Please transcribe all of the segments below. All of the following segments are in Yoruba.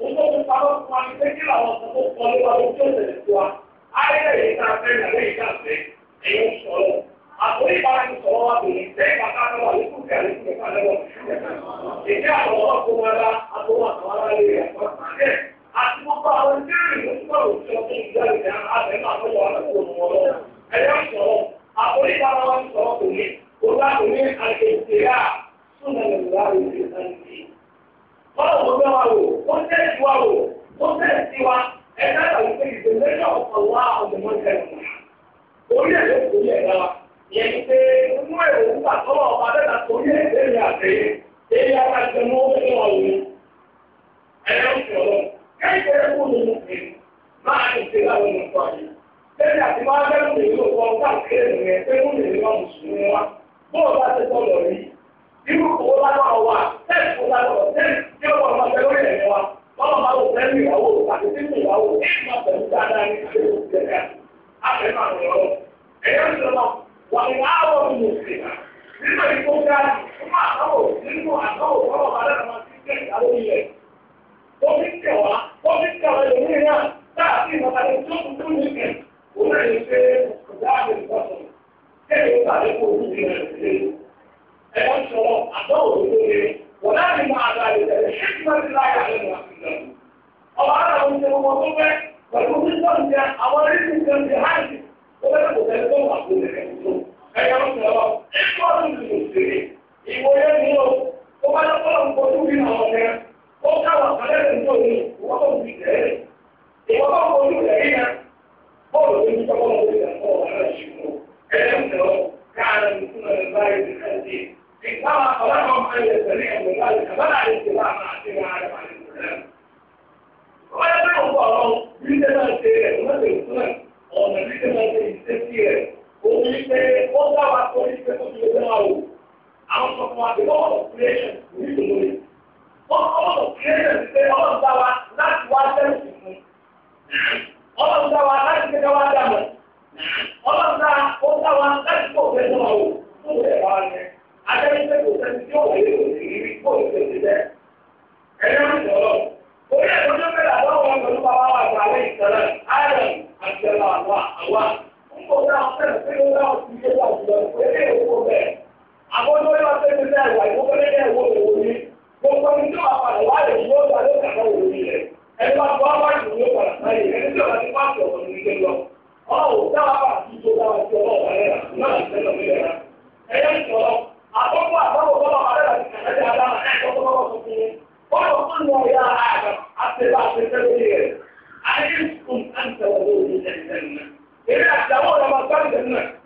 Owó tó parọ́ fún wa ní pé làwọn tó kọ́ nípa tó tó tẹ̀lé fún wa. Ayẹyẹ yìí ká fẹ́ nàlẹ́ yìí ká fẹ́ ẹ̀yọ́ sọ̀rọ̀. Àkórí ìbára ti sọ̀rọ̀ wa bèrè sẹ́yìn bàtà náà wà lókùn kí àlékún kẹfà lẹ́wọ̀. Ìdí àwọn ọ̀rọ̀ kó wọn lá àtọwọ́ àtọwọ́ lá lórí ẹ̀kọ́ sàkẹ́. Àti gbogbo àwọn tí ìrìn ló túbọ̀ lò sí ọdún ìgbàlódé àbẹ̀mọ́ àtọwọ́ àtọwọ́ onye eze ya adịghị ebe ya na-adị n'ụlọ ihe ọwụwa ka anyị kere ụlọ nwoke ma anyị si na ụlọ nkọ anyị sẹ́yìn àti máa bẹ́ẹ̀ lè lò wọ́n káàkiri ènìyàn pé wọ́n lè lọ mùsùlùmí wa bóòlù bá ti sọ̀rọ̀ rí irú owó lágbàá wa tẹ́ẹ̀sì wa nínú ìfowó gáàsì nínú àtọ́wò nínú àtọ́wò ọlọ́ọ̀bá lẹ́nu wọn ti tẹ̀ ìyàwó ilẹ̀ ó fi tẹ̀ wá ó fi tẹ̀ wa the all of creation we need to know it. all of creation ṣe ọlọ́run dá wa láti wá sẹ́yìn tuntun. ọlọ́run dá wa láti ṣe ká wá dà mọ́. ọlọ́run dá ó dá wa láti kó òfin tó wà wò fún òfin ẹ̀fọ́ wa yẹn. adéyí pé kò sẹ́ni tí ó wà yìí kò sì rí kó o ṣe ti bẹ́ẹ̀. ẹ̀yẹ́ ń sọ̀rọ̀ orí ẹ̀kọ́ tó fẹ́ làbọ̀ wọn pẹ̀lú bàbá wa àgbà lẹ́yìn sẹ́lẹ̀ iron àti ẹ̀rọ àwọn àwọn. ń kó dáhùn sẹ́ni pé ó dáhùn sí ilé àwọn tó yọ ọsẹ ti fẹ́ wà ìwọ fẹ́ lẹ́yìn ẹ̀wọ̀ òwò ni gbogbo ní tí wàá padà wá lè wọ́n gba ló kàkà òwò ni ẹni wàá tó wá jù ló padà sáyé ẹni tí wàá ti wá tó ọ̀nà ìgbẹ́ lọ. ọ̀hún dáwà bá ti tó dáwà tó ọ̀nà ọ̀rẹ́ rà náà ti tẹ́lọ̀ mí lẹ́ra. ẹ̀yẹ́ ń sọ àkọ́kọ́ àbáwọ̀ bọ́lá ọ̀rẹ́ rà ti kàkàdé alára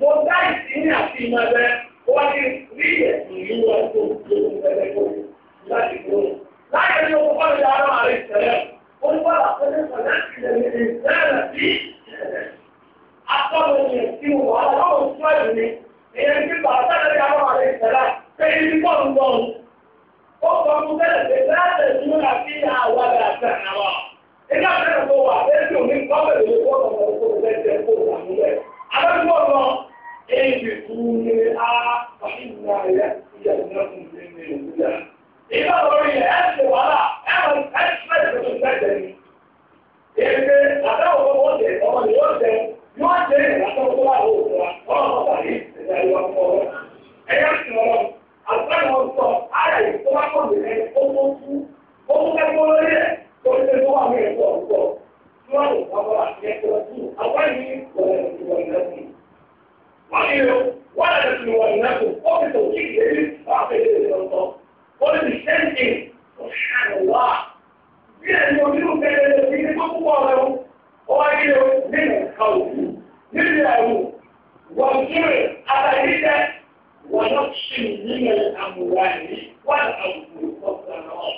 mo dá ìsinmi àti ìmọ̀ ẹgbẹ́ wọ́n ti rí ẹ̀sìn ìlú wọn tó lóko ẹgbẹ́ tó láti kó. láyé ní owó kọ́ni ìyá ọlọ́run àrẹ ìṣẹ̀lẹ̀ ó ní bọ́lá pẹ́lú ìṣẹ̀lẹ̀ ìṣẹ̀lẹ̀ ìṣẹ̀lẹ̀ sí ìṣẹ̀lẹ̀. akọ́ni ìyẹn tí mo wà lọ́wọ́ tó ẹ̀rù mi ìyẹn tí bàbá sẹ́lẹ̀ ìyá ọlọ́run àrẹ ìṣẹ̀lẹ̀ pé ibi bọ́ọ̀lù bọ́ọ̀lù ó sọ fún tẹ́lẹ̀ pé láti ẹ̀sìn ونقش من الأموال والأنفس والثمرات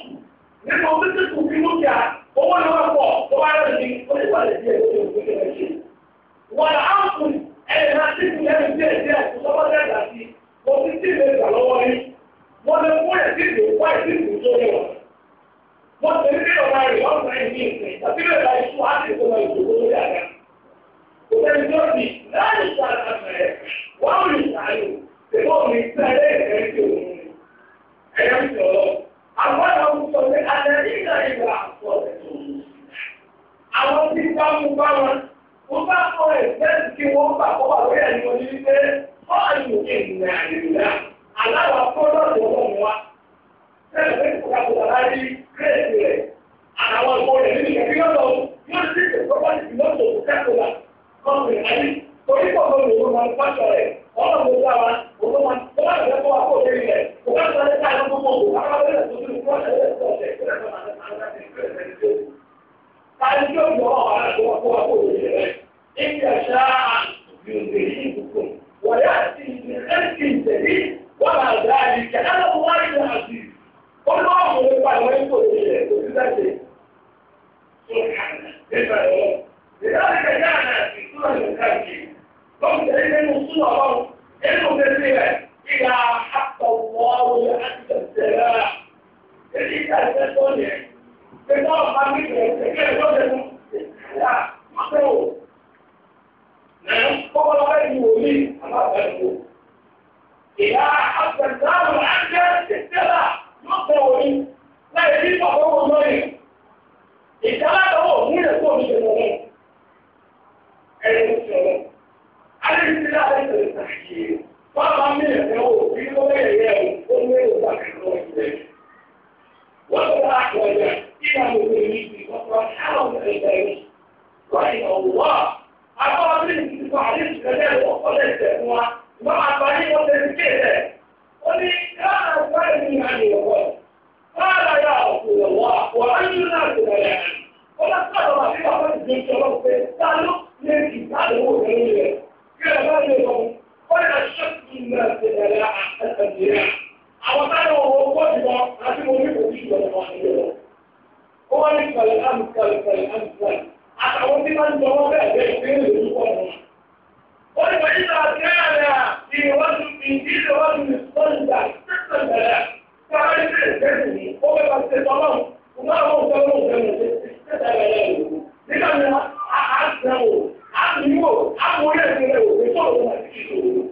nínú títí kù fi mú kíá owó ni wọ́n pọ̀ tó bá yẹ kí ó lè wà lè di ẹ̀kọ́ tó ń gbé ṣe. wọ́n á kù ẹ̀yìn náà tí kù lẹ́nu díẹ̀ díẹ̀ kù sọ́kọ́ dẹ́gbà sí mo ti tí ìlú ìgbà lọ́wọ́ rí mo lè kú ẹ̀ tí ìlú wá ìlú ìlú tó lè wà. mo sì ní kílò náà rí ọ̀sán ìdí ìsìn àti kílò náà iṣu á sì tó lọ ìdòwò lórí àga. kò sẹ́ni tó ti láàyè Bọ́ọ̀lù ìgbàlẹ̀ ìfẹ́ ti òun ni. Ẹ̀yà ń sọ̀rọ̀. Àwọn àwọn sọ pé àtẹ̀lé ìgbà ìgbà àpọ̀ Àwọn tí bá mú bá wọn, wọ́n bá kọ ẹ̀fẹ́ kí wọ́n bà kọ́ wà lórí ẹ̀yìn wọn ní rẹ̀. Àtàwọn ìfọ̀rẹ̀ nínú yóò lọ yóò sì ṣèkọ́kọ́ ìfìlọ́sọ̀ kòkàkòkà kọ́ọ̀rẹ̀ lọ́wọ́ bẹ́ẹ̀ bẹ́ẹ̀ ìbéèrè tó pọ̀ nù. ó ní wọ́n yíyá káàdà ìwọ́dù ìdílé wọ́dù ìsọ́nìjà tẹ̀sánbẹ̀rẹ̀ káàdì tẹ̀sánbẹ̀rẹ̀ ní ó bẹ́ẹ̀ bá ti tẹ̀ tọ́lọ́ Nígbà mi, a sàn o, a sùn yóò, a mú orí ẹ̀sìn rẹ̀ òfin tó lọ́wọ́ àti ìṣòro.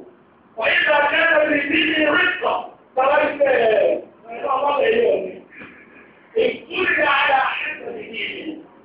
وإذا كان في دين رزقا فليس من الله يوم اجتمع على حسب دينه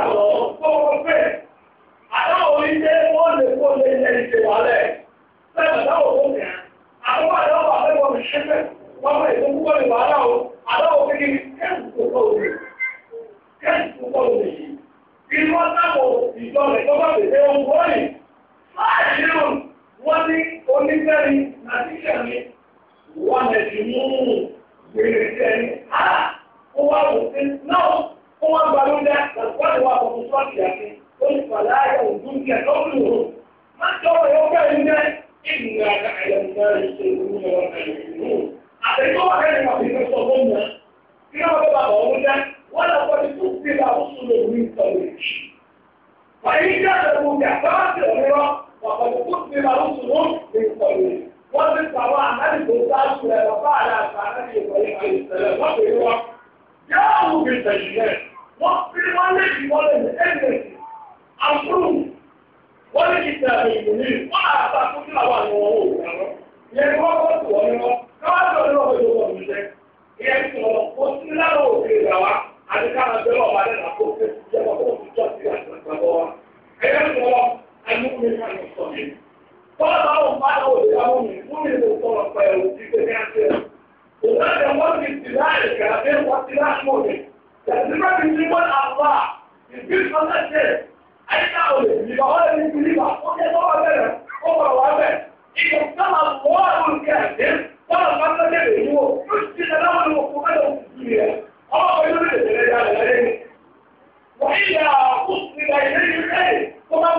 àgbàgbọ́ gbọ́wọ́ pẹ́ àdáwò ní pé wọ́n lè kó lé ẹni tè wà lẹ̀ lẹ́yìn àdáwò tó kẹ́ àdáwò àdáwò àbẹ́wò mi ṣe fẹ́ wọ́n fẹ́ ètò púpọ̀ lè wàhálà o àdáwò kékeré kẹ́sì tó kọ́ òde kẹ́sì tó kọ́ òde yìí inú ọ̀tàwọ̀ ìjọ rẹ̀ tó bá bèbè ohun wọ́ọ̀lì láàyè náà wọ́n ní onífẹ́ni àti ìṣẹ̀mí wọ́n lè fi mú gbèrè sí ẹni á ó wá wò sí náà ó wọ́n gba ló ń dá wọ́n wà fún sọ́ọ̀tì àti olùfàlà ayọ̀ òdùn kẹ lọ́ọ̀lù o máa ń tọ́ ọ̀rọ̀ yóò fẹ́ẹ́ ń dẹ́ ìgbìmọ̀ àgbà àyẹ̀wò náà ṣe ìwúlò ọ̀rọ̀ àyẹ̀wò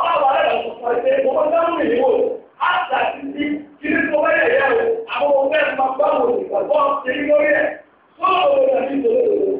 ọlọ́wọ́ alẹ́ lọ sọ pé mo kọ́ sẹ́nu mi níwò àtà títí kí ní tó bá yẹ yẹ o àwọn ọmọ bẹ́ẹ̀ máa bá wò ní ìgbàgbọ́ ṣe ní lórí ẹ̀ tó lọ́wọ́ lọ́wọ́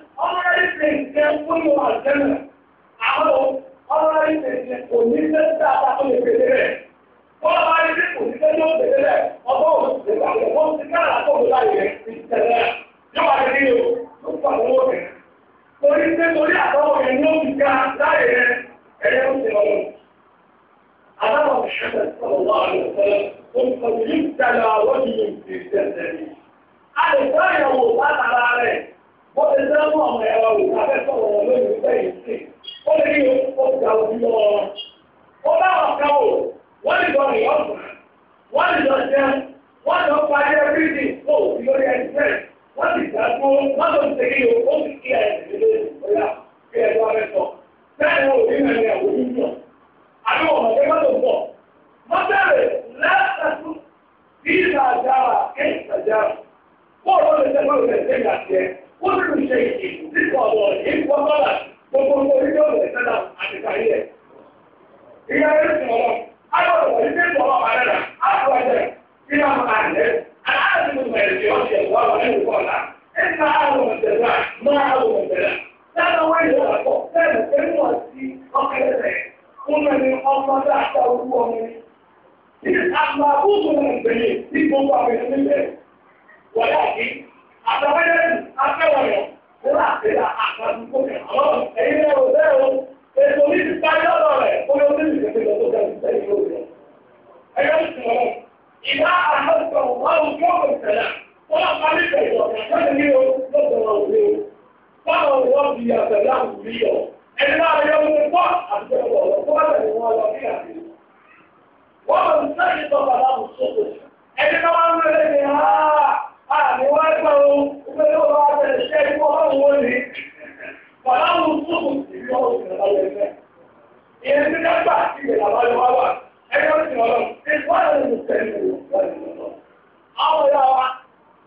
rí ṣe nǹkan fún ìwọ̀n àjẹ́nà àwọn ọ̀rọ̀ rí ṣe nǹkan kò ní fẹ́ sí àtàkùn lè pèlè rẹ̀. wọ́n bá rí ṣe kò ní fẹ́ yóò pèlè rẹ̀ ọgbọ́n òṣèlú àgbẹ̀ wọ́n ti ká àkókò láyé rẹ̀ ti tẹ̀lé yóò wá rí o ló fà lọ́wọ́ rẹ̀. torí pé torí àtọ́wọ́ yẹn ló fi ká láyé rẹ̀ ẹ̀yẹ́ ó ti lọ lọ. aláwọ̀ ṣẹlẹ̀ sọ̀rọ̀ wà lọ́sọ̀rọ̀ ó lè dá mọ́ ọmọ ẹ̀rọ ìtafẹ́fẹ́ wọn lónìí bẹ́ẹ̀ sí ó lè ní oṣù àwọn ojú wọn. ó láwọn kan wò wọ́n lè lọ rìn ọ̀sán wọ́n lè lọ jẹun wọ́n lọ pa ayé bíríìjì kó o fi lórí ẹni bẹ́ẹ̀ wọ́n sì dá dúró wọ́n lọ sí ilé o ó sì kí ẹ̀ ẹ̀ lórí ìgbéyàwó ẹ̀rọ lọ́sẹ̀ ní o lọ́sẹ̀ wọn ò ní o báwọn wọ́n fi yàtọ̀ láàbù bí yọ ẹni máa yọ ohun pọ̀ àti ọ̀pọ̀ ọ̀pọ̀ bá tẹ̀lé wọn lọ bí àti wọ́n lọ sí sẹ́yìn tó bàbá mi sókò ẹni máa wọ́n lé ní ha àmì wọ́n gbọ́ o wọ́n lé wọn bá tẹ̀lé ṣẹ́ ikú ọlọ́run wọn ni bàbá mi sókò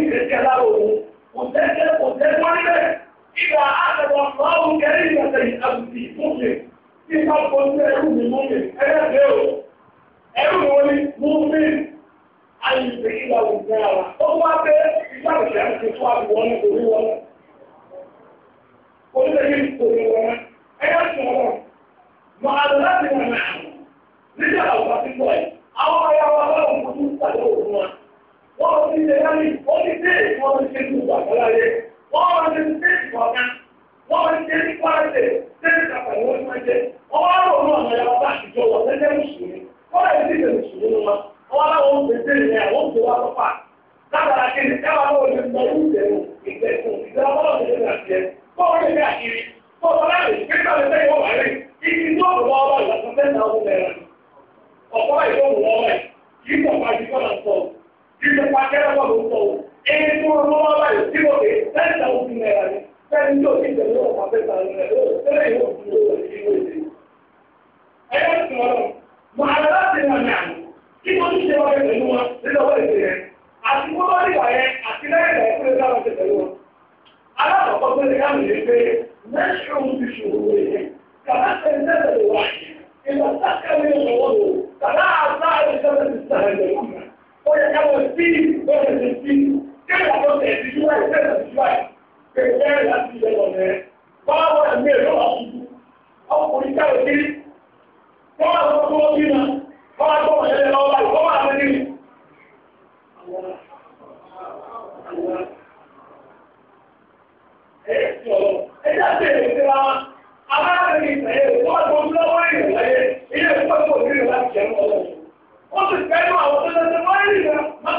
ìgbésí aláwọ̀ kò tẹ́tẹ́ kò tẹ́tẹ́ wọ́n níbẹ̀ ìgbà àtẹ̀wọ̀ lọ́wọ́ kẹrí ìgbàtẹ̀ àbùsí múlẹ̀ tí bá fojú ẹrú mi múlẹ̀ ẹlẹ́gbẹ́ o ẹrú mi wọlé múlẹ̀ àyùsẹ̀ ìgbà òjò ara ó wá pé ìgbà òjò àti tó àbúwọ́n ní orí wọn náà oníṣẹ́yìn orí wọn náà ẹ̀yà sọ̀rọ̀ màá láti wọn náà nígbà àwọn àti bọ̀ àwọn ọmọ yà wà láwọn fojú ìpàdé òun náà wọ́n ti ṣe yá ní wọ́n ti dé ìwọ́n ti ṣe gbogbo àgbàlá yẹ wọ́n wá ti dé ìwọ̀n kan wọ́n ti ṣe ní kwáṣẹ̀ ṣé ní kàkà ni wọ́n ti máa jẹ wọ́n wá rò ní ọ̀nà yàrá bá ìjọ wọn lẹ́jẹ́ mùsùlùmí wọ́n lè ti ṣe mùsùlùmí wọn wọ́n wá wọn ti ṣe ìrìn àwọn òkè wa lọ́pàá lábàrá kejì káwá wọn ti mọ ìgbẹ̀rù ìgbẹ̀kùn ìgbẹ̀rù ọlọ́run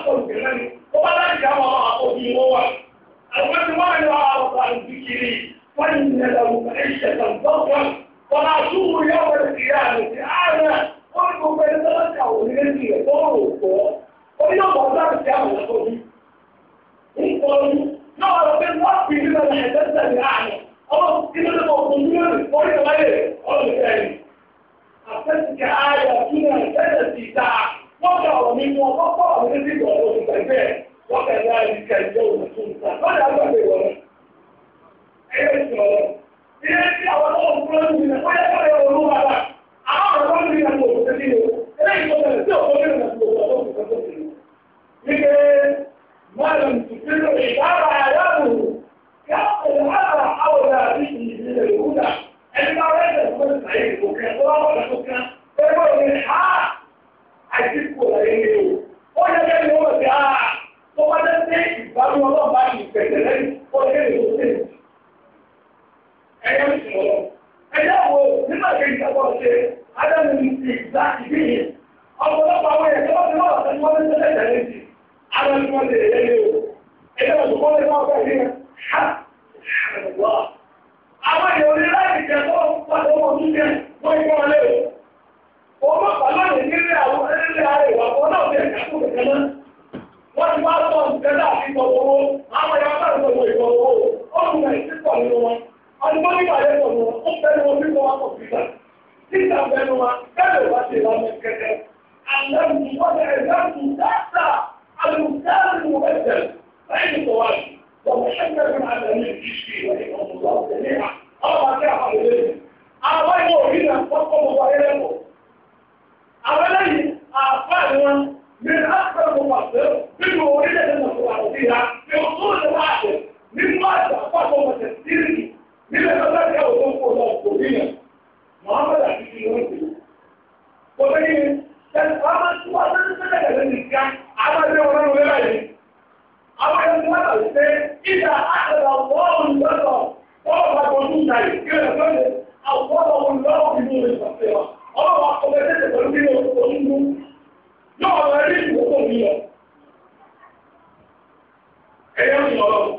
kó lùkè lẹ́nu ó bá láti dáhùn àwọn àkókò ìwọ wa àwọn tí wọ́n lọ wọ́n ní ọ̀pọ̀ àwọn àkókò wọ́n pé wọ́n fi nílẹ̀ ẹ̀ẹ́dẹ́sẹ̀ ní àná wọ́n bá ọ̀rọ̀ mi mú ọkọ̀ pọ̀ àwọn oníṣẹ́ ìwọ̀n ló ti gbẹ̀gbẹ́ wọ́n bẹ̀ láì ní kẹ̀kẹ́ òun tó ń ta lọ́dà gbọ́dọ̀ ìwọ̀n ẹ̀yẹ ìṣòro ilé tí àwọn ọmọ òkúrò ń gbìyànjú wọ́n yẹ òbí Ẹ̀yọ́ ìmọ̀lọ́wọ́.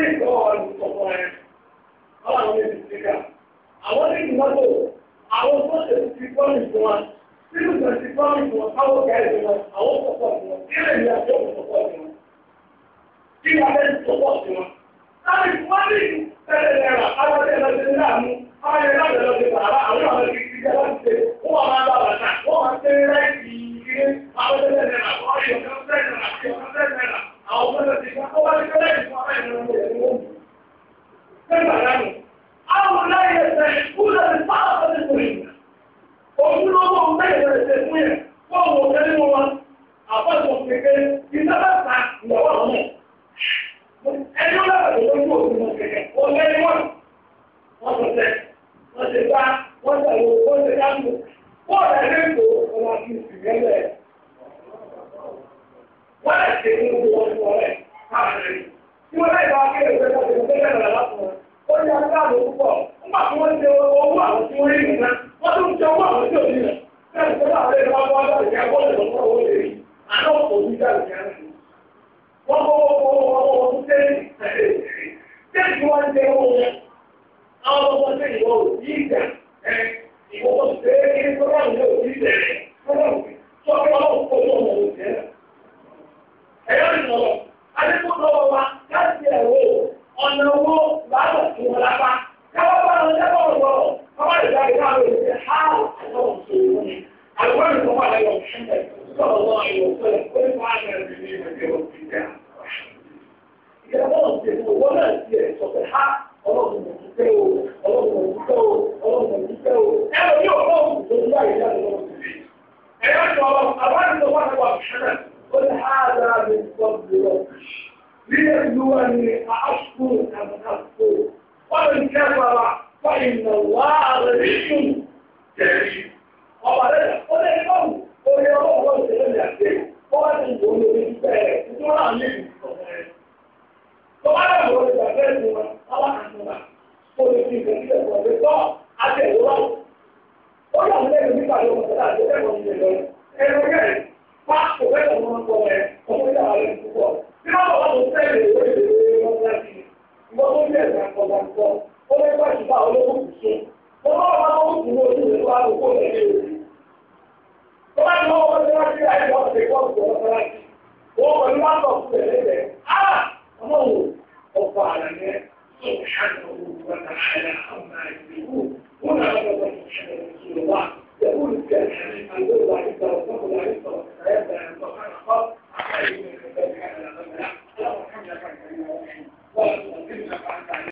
lè gbọ́ ọ̀pọ̀ ẹ̀ ọ̀rọ̀ àwọn èdè síkà àwọn ní ìmọ́tò àwọn tó ṣe ti kọ́ nìkan wa nínú ìgbà tí kọ́ nìkan wa káwọ́ ká ẹ̀dùn wọn àwọn pọ̀pọ̀ sí wọn kí lè ní àjọ pọ̀pọ̀ sí wọn kí wọ́n lè pọ̀pọ̀ sí wọn. láti wọ́n ní tẹ́lẹ̀ náírà àwọn tẹ́lẹ̀ náírà mú àwọn ẹ̀rọ